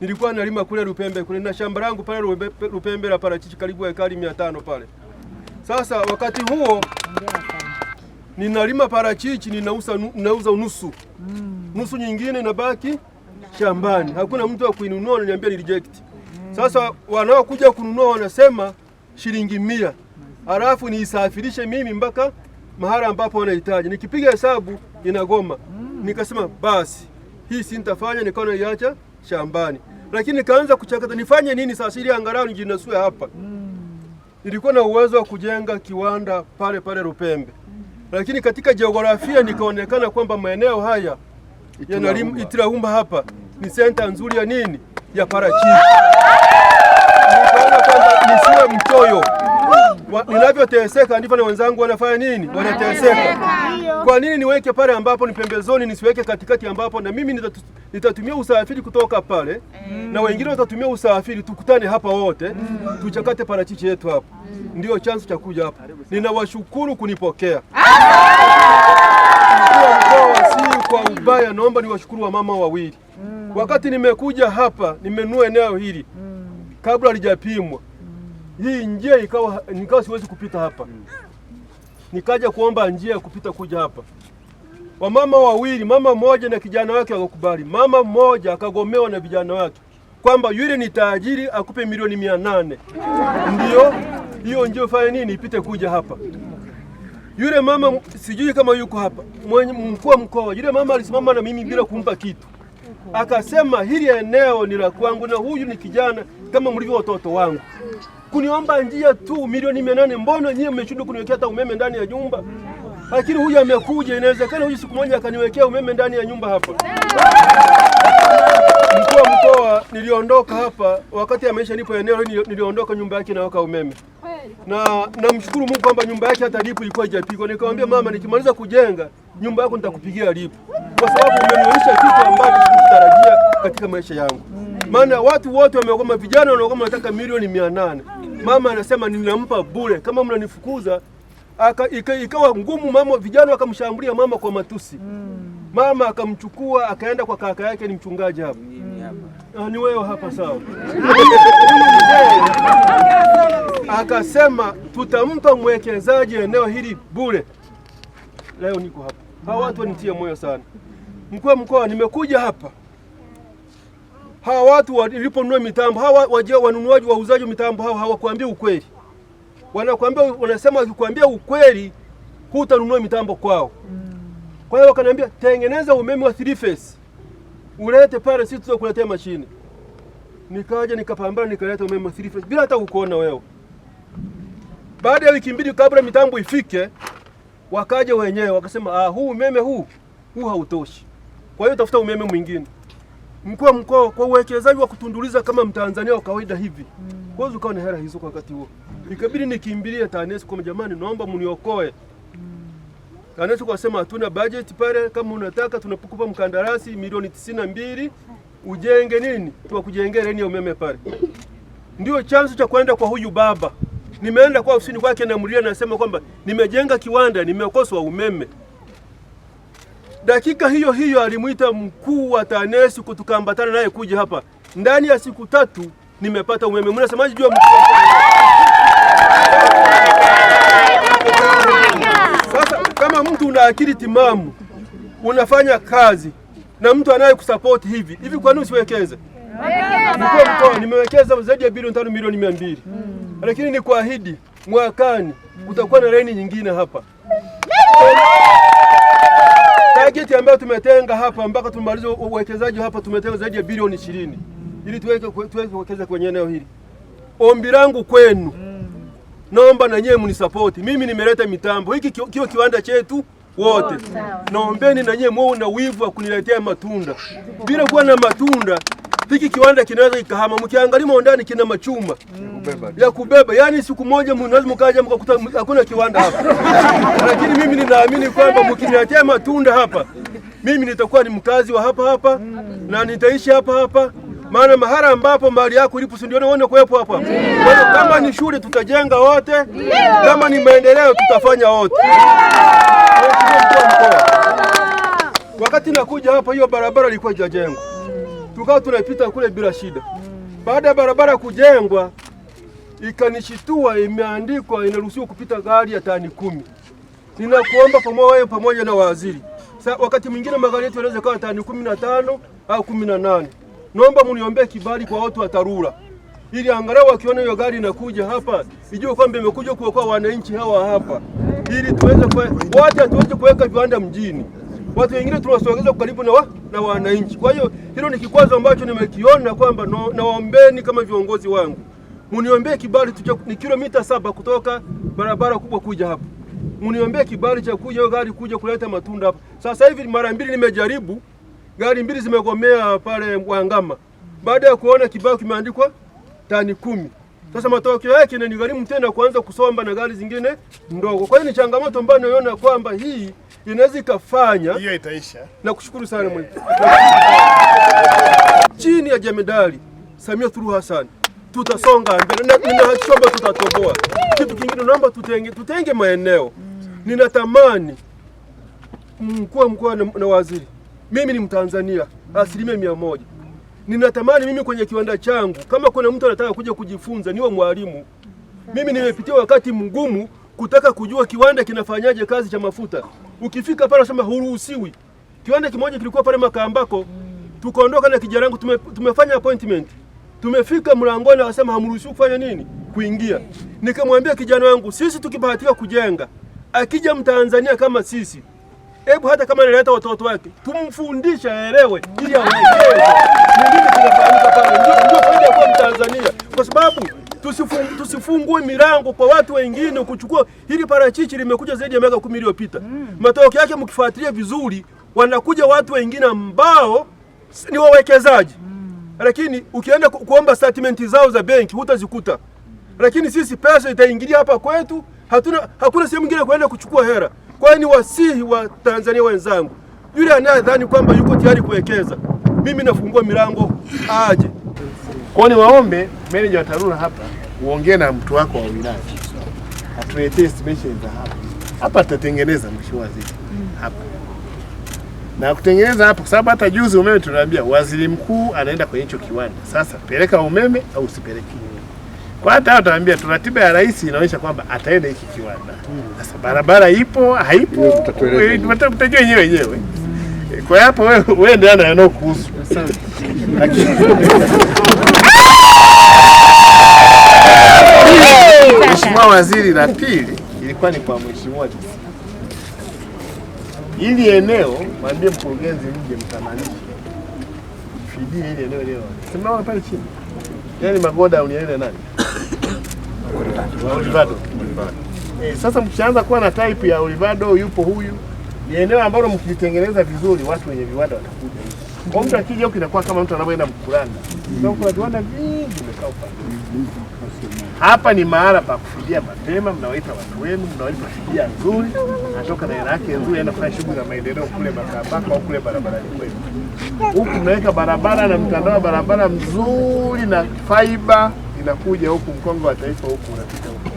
Nilikuwa nalima kule Lupembe, kule na shamba langu pale Lupembe la parachichi karibu ekari mia tano pale. Sasa wakati huo ninalima parachichi ninauza, ninauza nusu mm. nusu nyingine inabaki shambani, hakuna mtu wa kuinunua, ananiambia ni reject. Sasa wanaokuja kununua wanasema shilingi mia, halafu niisafirishe mimi mpaka mahali ambapo wanahitaji. Nikipiga hesabu inagoma, mm. nikasema basi hii si nitafanya, nikawa naiacha shambani, lakini nikaanza kuchakata nifanye nini sasa ili angalau nijinasue hapa. Mm. Nilikuwa na uwezo wa kujenga kiwanda pale pale Lupembe, mm-hmm. lakini katika jiografia nikaonekana kwamba maeneo haya yanalima Itiraumba hapa ni mm. senta nzuri ya nini ya parachichi. Nikaona kwamba nisiwe mchoyo ninavyoteseka ndivyo na wenzangu wanafanya nini, wanateseka. Kwa nini niweke pale ambapo ni pembezoni, nisiweke katikati ambapo na mimi nitatumia usafiri kutoka pale mm. na wengine watatumia usafiri, tukutane hapa wote mm. tuchakate parachichi yetu hapa mm. ndiyo chanzo cha kuja hapa. Ninawashukuru kunipokea ah! si kwa ubaya, naomba niwashukuru wamama wawili mm. wakati nimekuja hapa nimenua eneo hili mm. kabla halijapimwa hii njia ikawa nikawa siwezi kupita hapa, mm. nikaja kuomba njia ya kupita kuja hapa. Wamama wawili, mama mmoja na kijana wake wakakubali. Mama mmoja akagomewa na vijana wake kwamba yule ni tajiri akupe milioni mia nane ndio hiyo njia fanya nini ipite kuja hapa. Yule mama sijui kama yuko hapa, mkuu wa mkoa. Yule mama alisimama na mimi bila kumpa kitu, akasema hili eneo ni la kwangu na huyu ni kijana kama mlivyo watoto wangu kuniomba njia tu milioni mia nane. Mbona nyie mmeshindwa kuniwekea hata umeme ndani ya nyumba? Lakini huyu amekuja, inawezekana huyu siku moja akaniwekea umeme ndani ya nyumba hapa. Mkuu wa mkoa, niliondoka hapa wakati ameisha nipo eneo, niliondoka nyumba yake inawaka umeme, na namshukuru Mungu kwamba nyumba yake hata lipu ilikuwa haijapigwa. Nikamwambia mama, nikimaliza kujenga nyumba yako nitakupigia lipu, kwa sababu umenionyesha kitu ambacho sikutarajia katika maisha yangu, maana watu wote wameogoma, vijana wanaogoma nataka milioni mia nane mama anasema ninampa bure, kama mnanifukuza ikawa ngumu mama, vijana wakamshambulia mama kwa matusi mm. Mama akamchukua akaenda kwa kaka yake, ni mchungaji hapa mm. ni wewe hapa sawa. Akasema tutampa mwekezaji eneo hili bure. Leo niko hapa, hawa watu wanitie moyo sana. Mkuu wa mkoa, nimekuja hapa hawa watu waliponunua mitambo hawa waje wanunuaji wauzaji mitambo hawa hawakuambia ukweli, wanakuambia wanasema, wakikwambia ukweli hutanunua mitambo kwao. Kwa hiyo wakaniambia, tengeneza umeme wa three phase ulete pale, sisi tutakuletea mashine. Nikaja nikapambana, nikaleta umeme wa three phase bila hata kukuona wewe. Baada ya wiki mbili kabla mitambo ifike, wakaja wenyewe wakasema, ah, huu umeme huu huu hautoshi, kwa hiyo tafuta umeme mwingine mkuu wa mkoa kwa uwekezaji wa kutunduliza kama mtanzania wa kawaida hivi mm. Kwa hiyo ukawa na hela hizo kwa wakati huo, ikabidi nikimbilie TANESCO kwa jamani, naomba mniokoe mm. TANESCO kwasema hatuna budget pale, kama unataka tunapokupa mkandarasi milioni tisini na mbili ujenge nini, tuwa kujengea reni ya umeme pale. Ndio chanzo cha kwenda kwa huyu baba. Nimeenda kwa ofisini kwake, namulia, nasema kwamba nimejenga kiwanda, nimekoswa umeme. Dakika hiyo hiyo alimwita mkuu wa TANESU kutukambatana naye kuja hapa. Ndani ya siku tatu nimepata umeme. Mnasemaje juu ya mkuu? Sasa kama mtu una akili timamu unafanya kazi na mtu anayekusupport hivi hivi, kwa nini usiwekeze? Mkoa nimewekeza zaidi ya bilioni tano milioni mia mbili mm. lakini ni kuahidi mwakani kutakuwa na laini nyingine hapa. Bajeti ambayo tumetenga hapa mpaka tumalize uwekezaji hapa tumetenga zaidi ya bilioni ishirini ili tuweke kuwekeza kwenye eneo hili. Ombi langu kwenu, mm. naomba na nyewe mnisapoti. Mimi nimeleta mitambo hiki kio kiwanda chetu wote, naombeni na nyewe muone na wivu wa kuniletea matunda. Bila kuwa na matunda hiki kiwanda kinaweza kikahama, mkiangalia ndani kina machuma ya kubeba, yaani siku moja mnaweza mkaja mkakuta hakuna kiwanda hapa lakini mimi ninaamini kwamba mkiniachia matunda hapa, mimi nitakuwa ni mkazi wa hapa hapa mm. na nitaishi hapa hapa maana mahala ambapo mali yako ilipo si ndio unaona kuwepo hapa. Kwa hiyo kama ni shule tutajenga wote, kama ni maendeleo tutafanya wote. Wakati nakuja hapa, hiyo barabara ilikuwa haijajengwa tukawa tunapita kule bila shida. Baada ya barabara kujengwa, ikanishitua, imeandikwa inaruhusiwa kupita gari ya tani kumi. Ninakuomba pamoja wewe pamoja na waziri Sa, wakati mwingine magari yetu yanaweza kuwa tani kumi na tano au kumi na nane. Naomba mniombee kibali kwa watu wa TARURA ili angalau wakiona hiyo gari inakuja hapa ijue kwamba imekuja kuokoa wananchi hawa hapa, ili tuweze kwa wote, tuweze kuweka viwanda mjini, watu wengine tunawasogeza karibu na wa na wananchi. Kwa hiyo hilo ni kikwazo ambacho nimekiona kwamba nawaombeni kama viongozi wangu muniombee kibali tucha, ni kilomita saba kutoka barabara kubwa kuja hapa, muniombee kibali cha kuja gari kuja kuleta matunda hapa. Sasa hivi mara mbili nimejaribu, gari mbili zimegomea pale Wangama baada ya kuona kibao kimeandikwa tani kumi. Sasa matokeo yake inanigharimu tena kuanza kusomba na gari zingine ndogo. Kwa hiyo ni changamoto ambayo naiona kwamba hii inaweza ikafanya hiyo itaisha. Nakushukuru sana mwe chini ya jemedari Samia Suluhu Hassan tutasonga mbele, ninachomba tutatoboa. Kitu kingine naomba tutenge, tutenge maeneo. Ninatamani mkuu wa mkoa na waziri, mimi ni Mtanzania asilimia mia moja. Ninatamani mimi kwenye kiwanda changu, kama kuna mtu anataka kuja kujifunza, niwe mwalimu. Mimi nimepitia wakati mgumu kutaka kujua kiwanda kinafanyaje kazi cha mafuta. Ukifika pale unasema huruhusiwi. Kiwanda kimoja kilikuwa pale Makambako, tukaondoka na kijana wangu tume, tumefanya appointment. Tumefika mlangoni akasema hamruhusiwi kufanya nini? Kuingia. Nikamwambia kijana wangu, sisi tukibahatika kujenga, akija Mtanzania kama sisi, hebu hata kama analeta watoto wake, tumfundishe aelewe ili aweze. Ndio faida Mtanzania kwa sababu tusifungue, mirango milango kwa watu wengine kuchukua. Hili parachichi limekuja zaidi ya miaka kumi iliyopita. Mm. Matokeo yake mkifuatilia vizuri, wanakuja watu wengine ambao ni wawekezaji mm. lakini ukienda kuomba statement zao za benki hutazikuta, lakini sisi pesa itaingilia hapa kwetu, hatuna hakuna sehemu nyingine kuenda kuchukua hela. Kwa hiyo ni wasihi wa Tanzania wenzangu, yule anayedhani kwamba yuko tayari kuwekeza, mimi nafungua milango aje. Kwa ni waombe meneja wa TARURA hapa uongee na mtu wako wa wilaya atuletee estimation za hapa hapa, tutatengeneza mheshimiwa waziri hapa na kutengeneza hapa, kwa sababu hata juzi umeme tunaambia waziri mkuu anaenda kwenye hicho kiwanda. Sasa peleka umeme au usipeleke kwa hata ataambia tu, ratiba ya rais inaonyesha kwamba ataenda hiki kiwanda. Sasa barabara ipo haipo, mtajua wenyewe wenyewe. Kwa hapo wewe wewe ndio anayokuhusu. Mheshimiwa Waziri, la pili ilikuwa ni kwa Mheshimiwa ili eneo mwambie mkurugenzi mje mkamilishe fidili ili eneo leo. Simama pale chini. Yaani magoda ile nani? Olivado. Eh, sasa mkianza kuwa na type ya Olivado yupo huyu. Ni eneo ambalo mkitengeneza vizuri watu wenye viwanda watakuja. Kwa mtu akija huku inakuwa kama mtu anavyoenda Mkuranga. Sasa kuna viwanda vingi vimekaa upande. Hapa ni mahala pa kufidia mapema, mnawaita watu wenu, mnawaita fidia nzuri, natoka na hela yake nzuri aenda kufanya shughuli za maendeleo kule Makambako au kule barabarani kwenu. Huku mnaweka barabara na mtandao wa barabara mzuri na faiba inakuja huku Mkongo wa Taifa huku unapita huku.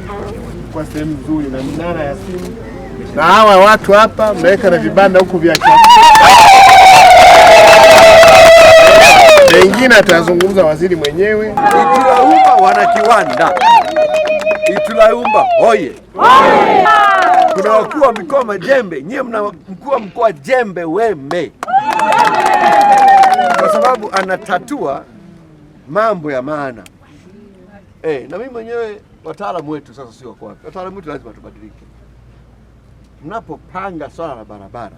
Kwa sehemu nzuri na minara ya simu. Na hawa watu hapa mnaweka na vibanda huku vya chakula. Mengine atazungumza waziri mwenyewe. Itulaumba wana kiwanda, Itulaumba hoye! Kuna wakuu wa mikoa majembe, nyie mna mkuu wa mkoa jembe weme, kwa sababu anatatua mambo ya maana. Eh, na mimi mwenyewe wataalamu wetu sasa sio kwa wataalamu wetu lazima tubadilike. Mnapopanga swala la barabara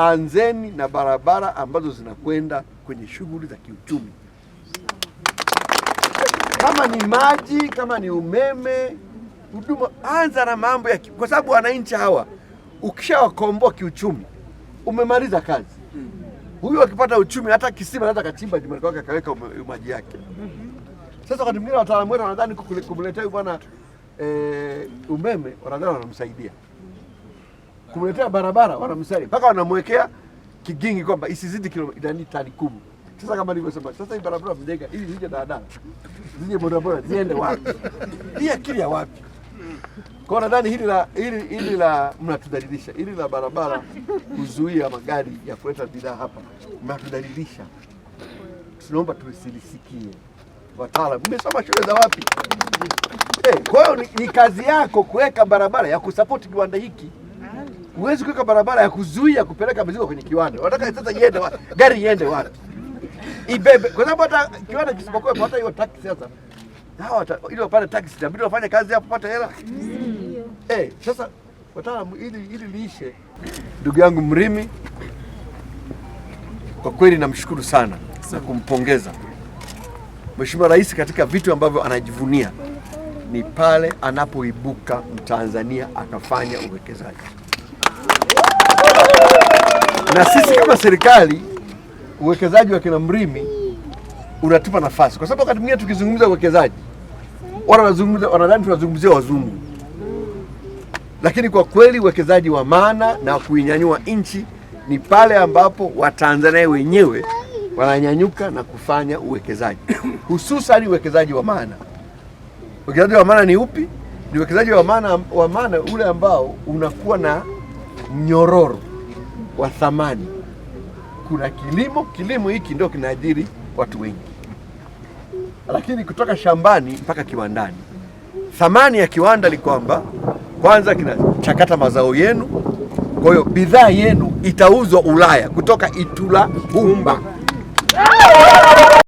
anzeni na barabara ambazo zinakwenda kwenye shughuli za kiuchumi, kama ni maji, kama ni umeme, huduma. Anza na mambo ya, kwa sababu wananchi hawa ukishawakomboa kiuchumi umemaliza kazi. Huyu akipata uchumi, hata kisima anaweza kachimba jumbani kwake akaweka maji yake. Sasa wakati mwingine wataalamu wetu wanadhani kumletea huyu bwana eh, umeme wanadhani wanamsaidia kumletea barabara wanamsari mpaka wanamwekea kigingi kwamba isizidi kilomita tani kumi. Sasa kama nilivyosema, sasa hii barabara mjenga ili zije daladala zije bodaboda ziende wapi? Hii akili ya wapi? Kwa nadhani hili la hili hili la mnatudalilisha, hili la barabara kuzuia magari ya kuleta bidhaa hapa mnatudalilisha. Tunaomba tusilisikie. wataalam mmesoma shule za wapi? Hey, eh, kwa hiyo ni, ni kazi yako kuweka barabara ya kusapoti kiwanda hiki. Huwezi kuweka barabara ya kuzuia kupeleka mizigo kwenye kiwanda. Unataka sasa iende wapi? Gari iende wapi? Ibebe. Kwa sababu hata kiwanda kisipokuwa hata hiyo taxi sasa. Hawa ili wapate taxi inabidi wafanye kazi hapo pata hela. Mm. Eh, sasa wataalamu ili ili liishe. Ndugu yangu Mrimi kwa kweli namshukuru sana na kumpongeza Mheshimiwa Rais katika vitu ambavyo anajivunia ni pale anapoibuka Mtanzania akafanya uwekezaji na sisi kama serikali uwekezaji wa kina Mrimi unatupa nafasi, kwa sababu wakati mwingine tukizungumza uwekezaji wanadhani tunazungumzia wazungu, lakini kwa kweli uwekezaji wa maana na kuinyanyua nchi ni pale ambapo Watanzania wenyewe wananyanyuka na kufanya uwekezaji, hususan uwekezaji wa maana. Uwekezaji wa maana ni upi? Ni uwekezaji wa maana wa maana ule ambao unakuwa na mnyororo wa thamani. Kuna kilimo, kilimo hiki ndio kinaajiri watu wengi, lakini kutoka shambani mpaka kiwandani. Thamani ya kiwanda ni kwamba kwanza kinachakata mazao yenu, kwa hiyo bidhaa yenu itauzwa Ulaya kutoka Itula Humba.